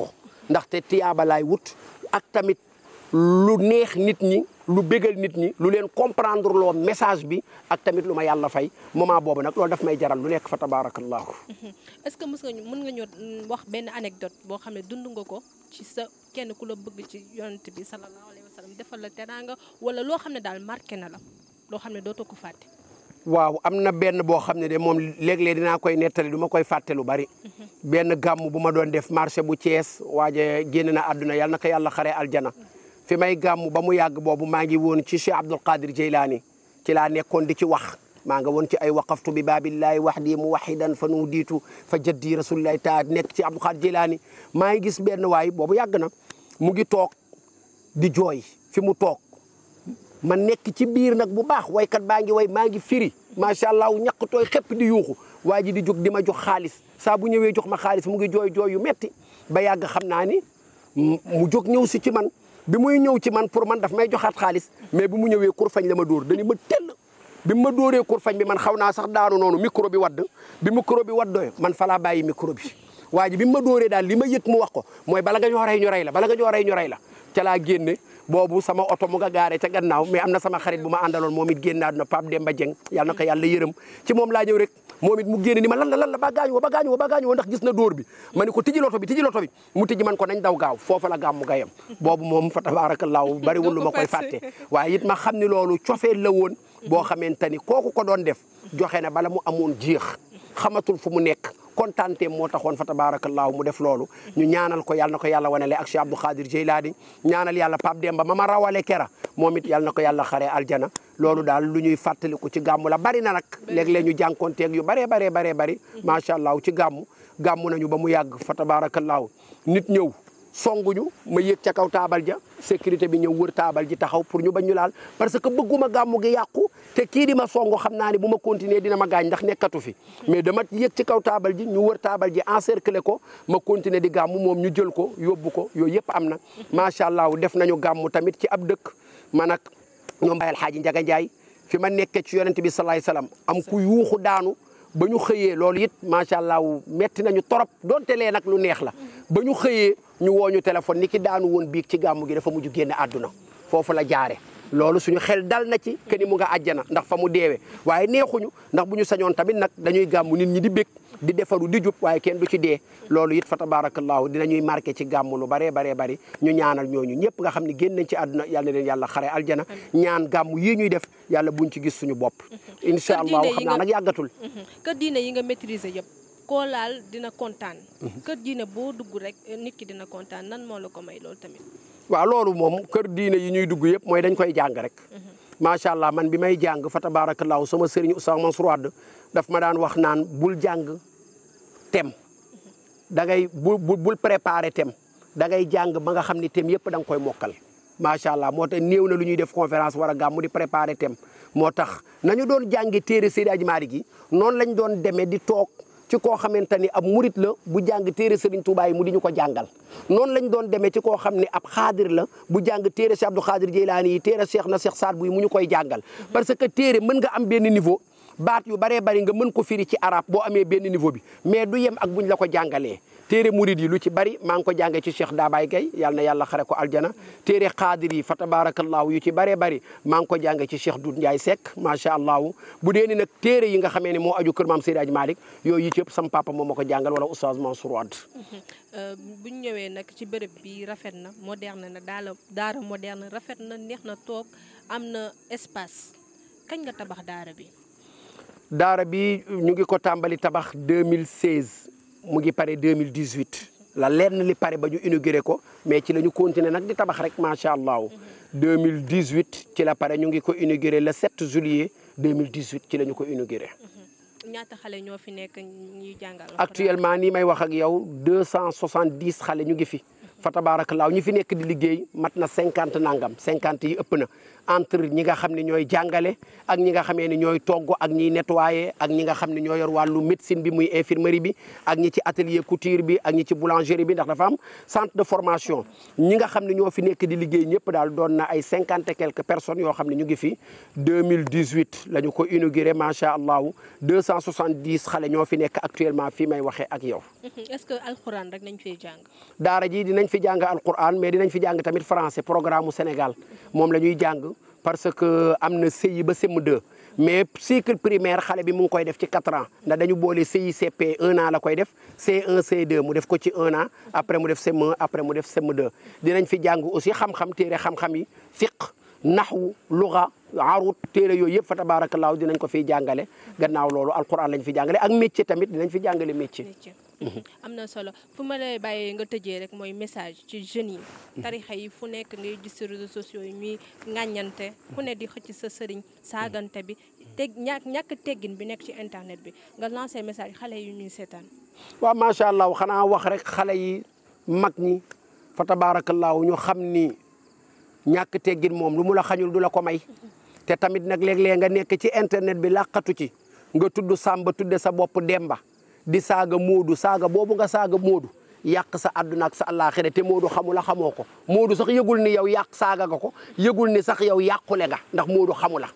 ndaxte tiyaaba laay wut ak tamit neex nit ñi lu bégal nit ñi lu leen comprendre loo message bi ak tamit lu ma yàlla fay moment boobu nag loolu dafa may jaral lu nekk fa tabaarakallaahu <laughs> est-ce que mës nga mën nga ñoo mm, wax benn anecdote boo xam ne dundu nga ko ci sa kenn ku la bëgg ci yonent bi sallallahu alayhi wa sallam defal la teraanga wala loo xam ne daal marqué na la loo xam ne dootoo ko fàtte. waaw am na benn boo xam ne de moom léeg-léeg dinaa koy nettali du ma koy fàtte lu bari. Mhm. benn gàmm bu ma doon def marché bu Thiès waaje génn na àdduna yàlla na ko yàlla xaree aljana. Mhm. fi may gàmm ba mu yàgg boobu maa ngi woon ci Cheikh Abdul Qadir Jeylaani ci laa nekkoon di ci wax maa nga woon ci ay waqaftu bi babillahi wahdi muwahidan fa nu diitu fa jaddi rasulillahi taa nekk ci Abdul Qadir Jeylaani maa ngi gis benn waay boobu yàgg na mu ngi toog di jooy fi mu toog ma nekk ci biir nag bu baax waykat baa ngi way maa ngi firi macha allah ñàkk tooy xépp di yuuxu waa ji di jóg di ma jox xaalis saa bu ñëwee jox ma xaalis mu ngi jooy jooy yu metti ba yàgg xam naa ni mu jóg ñëw si ci man bi muy ñëw ci man pour man daf may joxaat xaalis mais bi mu ñëwee kurfañ la ma door dañu ma tell bi ma dóoree kurfañ bi man xaw naa sax daanu noonu micro bi wadd bi micro bi waddoo man falaa bàyyi micro bi waa bi ma dóoree daal li ma yët mu wax ko mooy bala nga ñoo rey ñu rey la bala nga ñoo rey ñu rey la laa génne boobu sama oto mu nga gaaree ca gannaaw mais am na sama xarit bu ma àndaloon moom it génn naa duna Pape Demba Dieng yàlla na ko yàlla yërëm ci moom laa ñëw rek moom it mu génn ni ma lan la lan la ba gaañu wo ba gaañu wo ba gaañu ndax gis na dóor bi ma ni ko tijji loto bi tijji loto bi mu tijji man ko nañ daw gaaw foofa gam gàmmu gayam boobu moom fa tabaarakallaahu bariwul lu ma koy fàtte waaye it ma xam ni loolu cofeel la woon boo xamante ni kooku ko doon def joxe na bala mu amoon jeex xamatul fu mu nekk kontaanteem moo taxoon fa tabaarakallaahu mu def loolu ñu ñaanal ko yàlla na ko yàlla le ak Cheikh Abdou Khadir Jeylaani ñaanal yàlla Pape Demba mama rawale kera moom it yàlla na ko yàlla xaree aljana loolu daal lu ñuy fàttaliku ci gàmmu la bari na nag léeg-léeg ñu jànkonteeg yu baree baree baree bari mm-hmm. macha allah ci gàmmu gàmmu nañu ba mu yàgg fa tabaarakallaahu nit ñëw songuñu ma yéeg ca kaw taabal ja sécurité bi ñëw wër taabal ji taxaw pour ñu bañ ñu laal parce que bëgguma gàmmu gi yàqu te kii di ma songu xam naa ne bu ma continuer dina ma gaañ ndax nekkatu fi mais dama yéeg ci kaw taabal ji ñu wër taabal ji encercler ko ma continuer di gàmmu moom ñu jël ko yóbbu ko yooyu yëpp am na macha allah def nañu gàmmu tamit ci ab dëkk man ak ñoom Baye El Hadji Ndiaga Ndiaye fi ma nekke ci yonent bi salaay salaam am ku yuuxu daanu ba ñu xëyee loolu it macha allah metti nañu torop donte lee nag lu neex la ba ñu xëyee ñu woo ñu téléphone ni ki daanu woon biig ci gàmmu gi dafa mujj génne àdduna foofu la jaare loolu suñu xel dal na ci ke ni mu nga àjjana ndax fa mu deewee waaye neexuñu ndax bu ñu sañoon tamit nag dañuy gàmmu nit ñi di bég di defaru di jub waaye kenn du ci dee loolu it fa dina ñuy marqué ci gàmmu lu baree baree bari ñu ñaanal ñooñu ñëpp nga xam ne génn nañ ci àdduna yàlla leen yàlla xare aljana ñaan gàmmu yi ñuy def yàlla buñ ci gis suñu bopp incha allah xam naa nag yàggatul kër yi nga maîtriser yëpp koo laal dina kontaan. kër diine boo dugg rek eh, nit ki dina kontaan nan moo la ko may loolu tamit. waaw loolu moom kër diine yi ñuy dugg yëpp mooy dañ koy jàng rek. Mhm. macha allah man bi may jàng fa tabaarakallaahu sama sëriñ Oustaz Mansour Wade ma daan wax naan bul jàng tem da ngay bul bul préparé tem da ngay jàng ba nga xam ni tem yëpp da koy mokkal. macha allah moo tax new na lu ñuy def conférence war a gàmmu di préparer tem moo tax nañu doon jàngi téere Seydi Aji Maalik gi noonu lañ doon demee di toog ci koo xamante ni ab murit la bu jàng téere Serigne tubaay yi mu di ñu ko jàngal noonu lañ doon demee ci koo xam ne ab xaadir la bu jàng téere Cheikh Abdou Xaadir Jeylaani yi téere Cheikh na Cheikh Saad bu yi mu ñu koy jàngal parce que téere mën nga am benn niveau baat yu baree bari nga mën ko firi ci arab boo amee benn niveau bi mais du yem ak buñ la ko jàngalee téere murid yi lu ci bari maa ngi ko jàngee ci Cheikh Daabay Gaye yal na yàlla xare ko aljana téere xaadir yi fa tabaarakallaahu yu ci bare bari maa ngi ko jàngee ci Cheikh Doudou Ndiaye Seck macha allah bu dee ni nag téere yi nga xamee ne moo aju kër maam Seydi Hadji Malick yooyu yi ci yëpp sam papa moom ma ko jàngal wala oustaz Mansour Wade euh, bu ñëwee nag ci bërëb bi rafet na moderne na daala daara moderne rafet na neex na toog am na espace kañ nga tabax daara bi daara bi ñu ngi ko tàmbali tabax 2016 mu ngi pare deux mille 2018 la lenn li pare ba ñu inauguré ko mais ci la ñu continuer nag di tabax rek macha allah 2018 ci la pare ñu ngi ko inauguré le 7 juillet 2018 ci la ñu ko inauguré. Mm-hmm. ñaata xale ñoo fi nekk ñuy jàngal. actuellement nii may wax ak yow 270 xale ñu ngi fi. fa tabaarakallaa ñi fi nekk di liggéey mat na cinquante nangam 50 yi ëpp na. entre ñi nga xam ne ñooy jàngale ak ñi nga xamee ne ñooy togg ak ñiy nettoyer ak ñi nga xam ne ñoo yor wàllu médecine bi muy infirmerie bi ak ñi ci atelier couture bi ak ñi ci boulangerie bi ndax dafa am centre de formation ñi nga xam ne ñoo fi nekk di liggéey ñëpp daal doon na ay cinquante et quelques personnes yoo xam ne ñu ngi fi 2018 la ñu ko inauguré macha allah 270 xale ñoo fi nekk actuellement fii may waxee ak yow. est-ce que alxuraan rek nañ fiy jàng. daara ji dinañ fi jàng alxuraan mais dinañ fi jàng tamit français programme mu Sénégal moom la ñuy jàng. parce que am na CI ba CM2 mais cycle primaire xale bi mu ngi koy def ci quatre ans ndax dañu boole CI CP 1 an la koy def C1 C2 mu def ko ci 1 an après mu def CM1 après mu def cm dinañ fi jàng aussi xam-xam téere xam-xam yi fiq naxwu luga arut téere yooyu yëpp fa tabaarakallaahu dinañ ko fiy jàngale gannaaw loolu alquran lañ fi jàngale ak métier tamit dinañ fi jàngale métier. <laughs> am na solo fu ma lay bàyyee nga tëjee rek mooy message ci jeunes yi. Mm-hmm. tarixa yi fu nekk ngay gis ci réseaux sociaux yi ñuy ŋàññante ku ne di xëcc sa sëriñ saagante bi mm-hmm. teg ñàkk ñàkk teggin bi nekk ci internet bi nga lancé message xale yi ñuy seetaan. waa macha allah xanaa wax rek xale yi mag ñi fa tabaarakallaahu ñu xam ni ñàkk teggin moom lu mu la xañul du la ko may. Mm-hmm. te tamit nag léeg-léeg nga nekk ci internet bi làqatu ci nga tudd Samba tudde sa bopp Demba. di saaga Moodu saaga boobu nga saaga Moodu yàq sa àdduna ak sa àllaaxira te Moodu la xamoo ko Moodu sax yëgul ni yow yàq saaga nga ko yëgul ni sax yow yàqule nga ndax Moodu la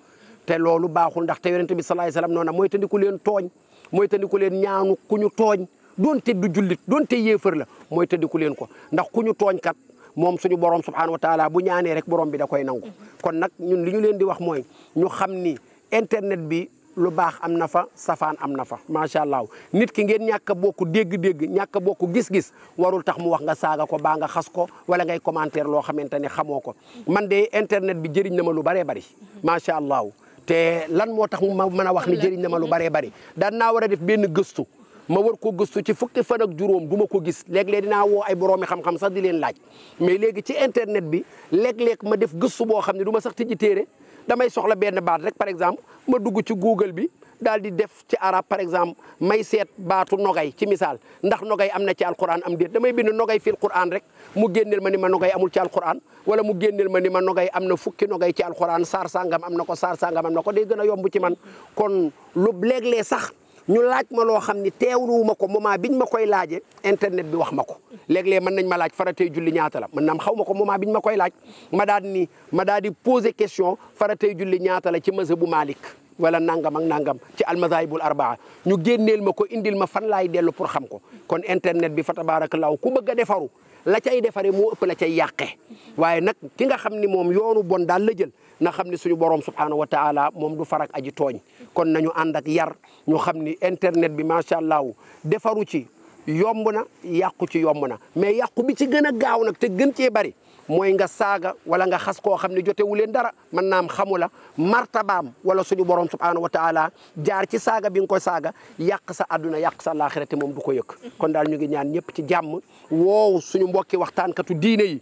te loolu baaxul ndax te yonent bi salaay salaam noona mooy tandiku leen tooñ mooy tandiku leen ñaanu ku ñu tooñ doonte du jullit doonte yéefar la mooy tandiku leen ko ndax ku ñu tooñ kat moom suñu borom subhaanahu wa taala bu ñaanee rek borom bi da koy nangu kon nag ñun di wax mooy ñu xam ni internet bi lu baax am na fa safaan am na fa macha allah nit ki ngeen ñàkk a bokk dégg-dégg ñàkk a gis-gis warul tax mu wax nga saaga ko baa nga xas ko wala ngay commentaire loo xamante ni xamoo ko man de internet bi jëriñ na ma lu bëree bëri macha allah te lan moo tax mu mën a wax ni jëriñ na ma lu bëree bëri daan naa war a def benn gëstu ma war ko gëstu ci fukki fan ak juróom du ma ko gis léeg-léeg dinaa woo ay boroomi xam-xam sax di leen laaj mais léegi ci internet bi léeg-léeg ma def gëstu boo xam ne duma ma sax tijji téere damay soxla benn baat rek par exemple ma dugg ci Google bi daal di def ci arab par exemple may seet baatu nogay ci misaal ndax nogay am na ci alquran am déet damay bind nogay fil quran rek mu génneel ma ni ma nogay amul ci alquran wala mu génneel ma ni ma nogay am na fukki nogay ci alquran saar sangam am na ko saar sangam am na ko day gën a yomb ci man kon lu léeg lee sax ñu laaj ma loo xam ni teewluwuma ko moment biñ ma koy laaje internet bi wax ma ko léeg-léeg mën nañ ma laaj faratey julli ñaata la mën naam xaw ma ko moment biñ ma koy laaj ma daal ni ma daal di poser question faratey julli ñaata la ci mazhabu maalik wala nangam ak nangam ci almazahibul arbaa ñu génneel ma ko indil ma fan laay dellu pour xam ko kon internet bi fa tabaarakallaahu ku bëgg a defaru la cay defaree moo ëpp la cay yàqee waaye nag ki nga xam ni moom yoonu bon daal la jël na xam ni suñu borom subhaanahu wa taala moom du farak aji tooñ kon nañu ànd ak yar ñu xam ni internet bi macha allah defaru ci yomb na yàqu ci yomb na mais yàqu bi ci gën a gaaw nag te gën cee bari mooy nga saaga wala nga xas koo xam ne jotewu leen dara mën naam xamu la martabaam wala suñu borom subhaanahu wa taala jaar ci saaga bi nga ko saaga yàq sa àdduna yàq sa laaxira te moom du ko yëg. kon daal ñu ngi ñaan ñëpp ci jàmm woow suñu mbokki waxtaankatu diine yi.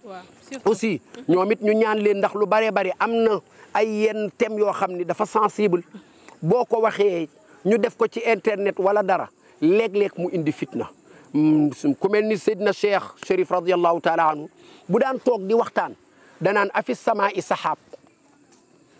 aussi ñoom it ñu ñaan leen ndax lu baree bari am na ay yenn thèmes yoo xam ni dafa sensible boo ko waxee ñu def ko ci internet wala dara léeg-léeg mu indi fitna. Mm, ku mel ni Seydina Cheikh Chérif radiallahu taala anhu bu daan toog di waxtaan danaan afi sama i saxaab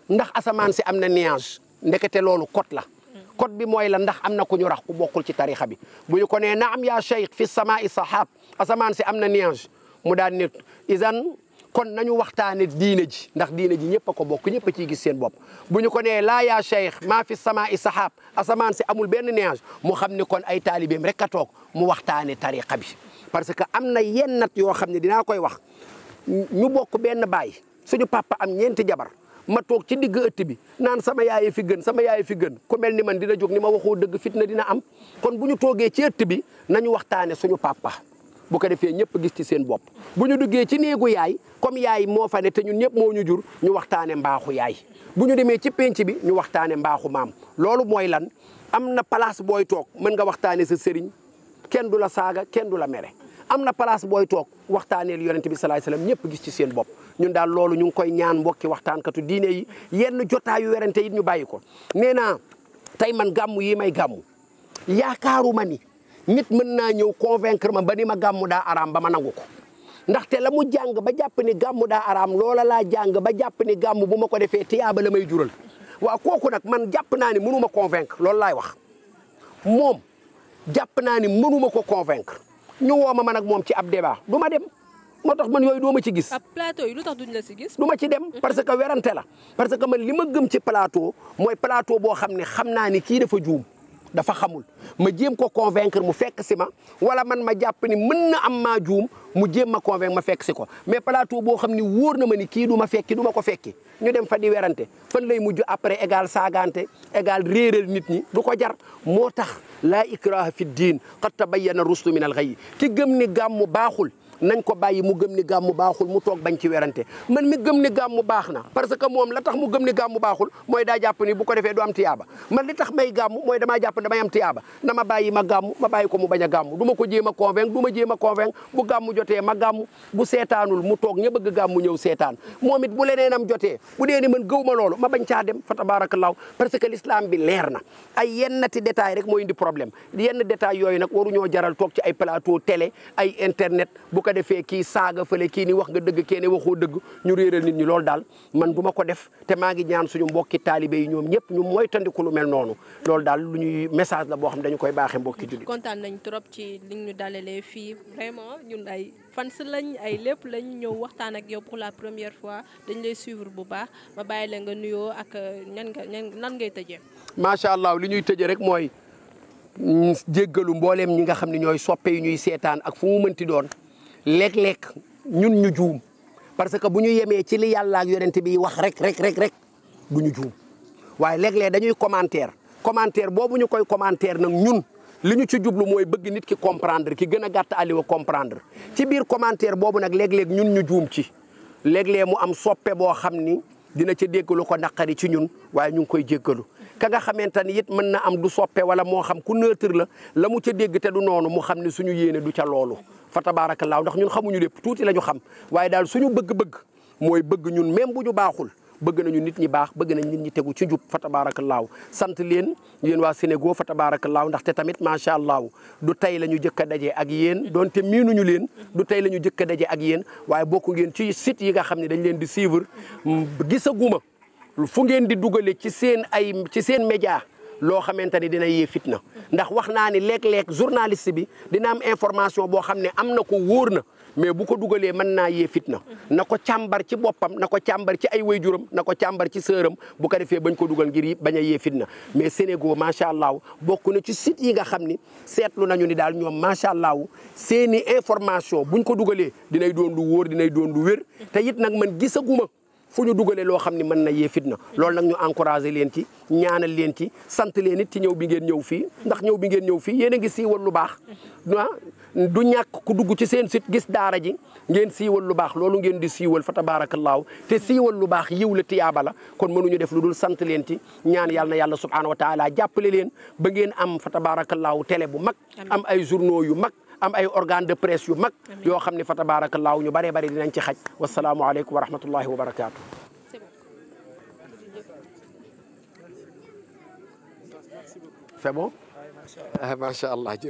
ndax asamaan si am na nuage ndekete loolu kot la kot bi mooy la ndax am na ku ñu rax ku bokkul ci tarixa bi bu ñu ko nee naam yaa cheikh fi sama i saxaab asamaan si am na nuage mu daan nit isan kon nañu waxtaane diine ji ndax diine ji ñëpp a ko bokk ñëpp a ciy gis seen bopp bu ñu ko nee laa yaa cheikh maa fi sama i sahaab asamaan si amul benn nuage mu xam ne kon ay taalibeem rek a toog mu waxtaane tariqa bi parce que am na yenn nat yoo xam ne dinaa koy wax ñu bokk benn baay suñu papa am ñeenti jabar ma toog ci digg ëtt bi naan sama yaay fi gën sama yaay fi gën ku mel ni man dina jóg ni ma waxoo dëgg fitna dina am kon bu ñu toogee ci ëtt bi nañu waxtaane suñu papa bu ko defee ñëpp gis ci seen bopp bu ñu duggee ci néegu yaay comme yaay moo fa te ñun ñëpp moo ñu jur ñu waxtaane mbaaxu yaay bu ñu demee ci penc bi ñu waxtaane mbaaxu maam loolu mooy lan am na palace booy toog mën nga waxtaane sa sëriñ kenn du la saaga kenn du la mere am na palace booy toog waxtaaneel yonent bi salaay salaam ñëpp gis ci seen bopp ñun daal loolu ñu ngi koy ñaan mbokki waxtaankatu diine yi yenn jotaayu werante yi ñu bàyyi ko nee naa tey man gàmm yi may gàmm yaakaaruma ni nit mën naa ñëw convaincre ma ba ni ma gàmmu daa araam ba ma nangu ko ndaxte la mu jàng ba jàpp ni gàmmu daa araam loola laa jàng ba jàpp ni gàmm bu ma ko defee tiyaaba la may jural waaw kooku nag man jàpp naa ni mënuma convaincre loolu laay wax moom jàpp naa ni mënuma ko convaincre ñu woo ma nag moom ci ab débat du ma dem moo tax man yooyu doo ma ci gis. ab yi lu tax duñ la si gis. du ma ci dem parce que werante la parce que man li ma gëm ci plateau mooy plateau boo xam ne xam naa ni kii dafa juum. dafa xamul ma jéem ko convaincre mu fekk si ma wala man ma jàpp ni mën na am maa juum mu jéem ma convaincre ma fekk si ko mais plateau boo xam ni wóor na ma ni kii du ma fekki du ma ko fekki ñu dem fa di werante fan lay mujj après égal saagante égal réeral nit ñi du ko jar moo tax laa ikraha fi diin qad tabayyana rusdu min al ghayy ki gëm ni gàmmu baaxul nañ ko bàyyi mu gëm ni gàmmu baaxul mu toog bañ ci werante man mi gëm ni gàmmu baax na parce que moom la tax mu gëm ni gàmmu baaxul mooy daa jàpp ni bu ko defee du am tiyaaba man li tax may gàmmu mooy damaa jàpp da damay am tiyaaba na ma bàyyi ma gàmmu ma bàyyi ko mu bañ a gàmmu du ma ko jéem a convaincre du ma jéem a convaincre bu gàmmu jotee ma gàmmu bu seetaanul mu toog ña bëgg gàmmu ñëw seetaan moom it bu leneen am jotee bu dee ni man gëw ma loolu ma bañ caa dem fa tabaarakallaahu parce que l'islam bi leer na ay yennati détail rek mooy indi problème yenn détail yooyu nag waruñoo jaral toog ci ay plateau télé internet ko defee kii saaga fa le kii ni wax nga dëgg kenn waxoo dëgg ñu réeral nit ñi loolu daal man du ma ko def te maa ngi ñaan suñu mbokki taalibe yi ñoom ñëpp ñu moytandiku lu mel noonu loolu daal lu ñuy message la boo xam dañu koy baaxee mbokki jullit kontaan nañ trop ci li ñu dalalee fii vraiment ñun ay fans lañ ay lépp lañ ñëw waxtaan ak yow la première fois dañ lay suivre bu baax ma bàyyi la nga nuyoo ak euh, ñan nga nan ngay tëjee macha allah li ñuy tëjee rek mooy mm, jéggalu mbooleem ñi nga xam ne ñooy soppe yi ñuy seetaan ak fu mu mënti doon léeg-léeg ñun ñu juum parce que bu ñu yemee ci li yàlla ak yonent bi wax rek rek rek rek du ñu juum waaye léeg-léeg dañuy commentaire commentaire boobu ñu koy commentaire nag ñun li ñu ci jublu mooy bëgg nit ki comprendre ki gën a gàtt Aliou comprendre ci biir commentaire boobu nag léeg-léeg ñun ñu juum ci léeg-léeg mu am soppe boo xam ni dina ca dégg lu ko naqari ci ñun waaye ñu ngi koy jéggalu ka nga xamante ni it mën na am du soppe wala moo xam ku neutre la la ca dégg te du noonu mu xam ne suñu yéene du ca loolu fa tabaarakallaahu ndax ñun xamuñu lépp tuuti la ñu xam waaye daal suñu bëgg-bëgg mooy bëgg ñun même bu ñu baaxul bëgg nañu nit ñi baax bëgg nañ nit ñi tegu ci njub fa tabaarakallaahu sant leen yéen waa Sénégal fa tabaarakallaahu ndaxte tamit macha allah du tey la ñu jëkk a daje ak yéen donte miinuñu leen du tey la ñu jëkk a daje ak yéen waaye bokk ngeen ci site yi nga xam ne dañ leen di suivre mm, gisaguma fu ngeen di dugale ci seen ay ci seen média loo xamante ni dina yee fitna ndax wax naa ni léeg-léeg journaliste bi dina am information boo xam ne am na ko wóor na mais bu ko dugalee mën naa yee fitna na ko càmbar ci boppam na ko càmbar ci ay waajuram na ko càmbar ci sëram bu ko defee bañ ko dugal ngir baña a yee fitna mais Sénégal macha allah bokk na ci site yi nga xam ni seetlu nañu ni daal ñoom macha allah seeni information buñ ko dugalee dinay doon lu wóor dinay doon lu wér te it nag man gisaguma fu ñu dugalee loo xam ne mën na yee fitna loolu nag ñu encouragé leen ci ñaanal leen ci sant leen it ci ñëw bi ngeen ñëw fii ndax ñëw bi ngeen ñëw fii yéen a ngi siiwal lu baax ah du ñàkk ku dugg ci seen sit gis daara ji ngeen siiwal lu baax loolu ngeen di siiwal fa tabaarakallaahu te siiwal lu baax yiw la tiyaaba la kon mënuñu def lu dul sant leen ci ñaan yàlla na yàlla subhaanahu wa taala jàppale leen ba ngeen am fa tabaarakallaahu télé bu mag am ay journaux yu mag am ay organe de presse yu mag yoo xam ne fa tabaarakallaahu ñu bëree bëri dinañ ci xaj wasalaamualeykum wa rahmatullahi wa barakaatu. c'est bon ah, macha allah